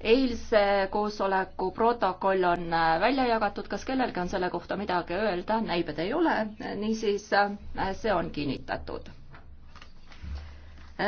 eilse koosoleku protokoll on äh, välja jagatud, kas kellelgi on selle kohta midagi öelda, näib, et ei ole, niisiis äh, see on kinnitatud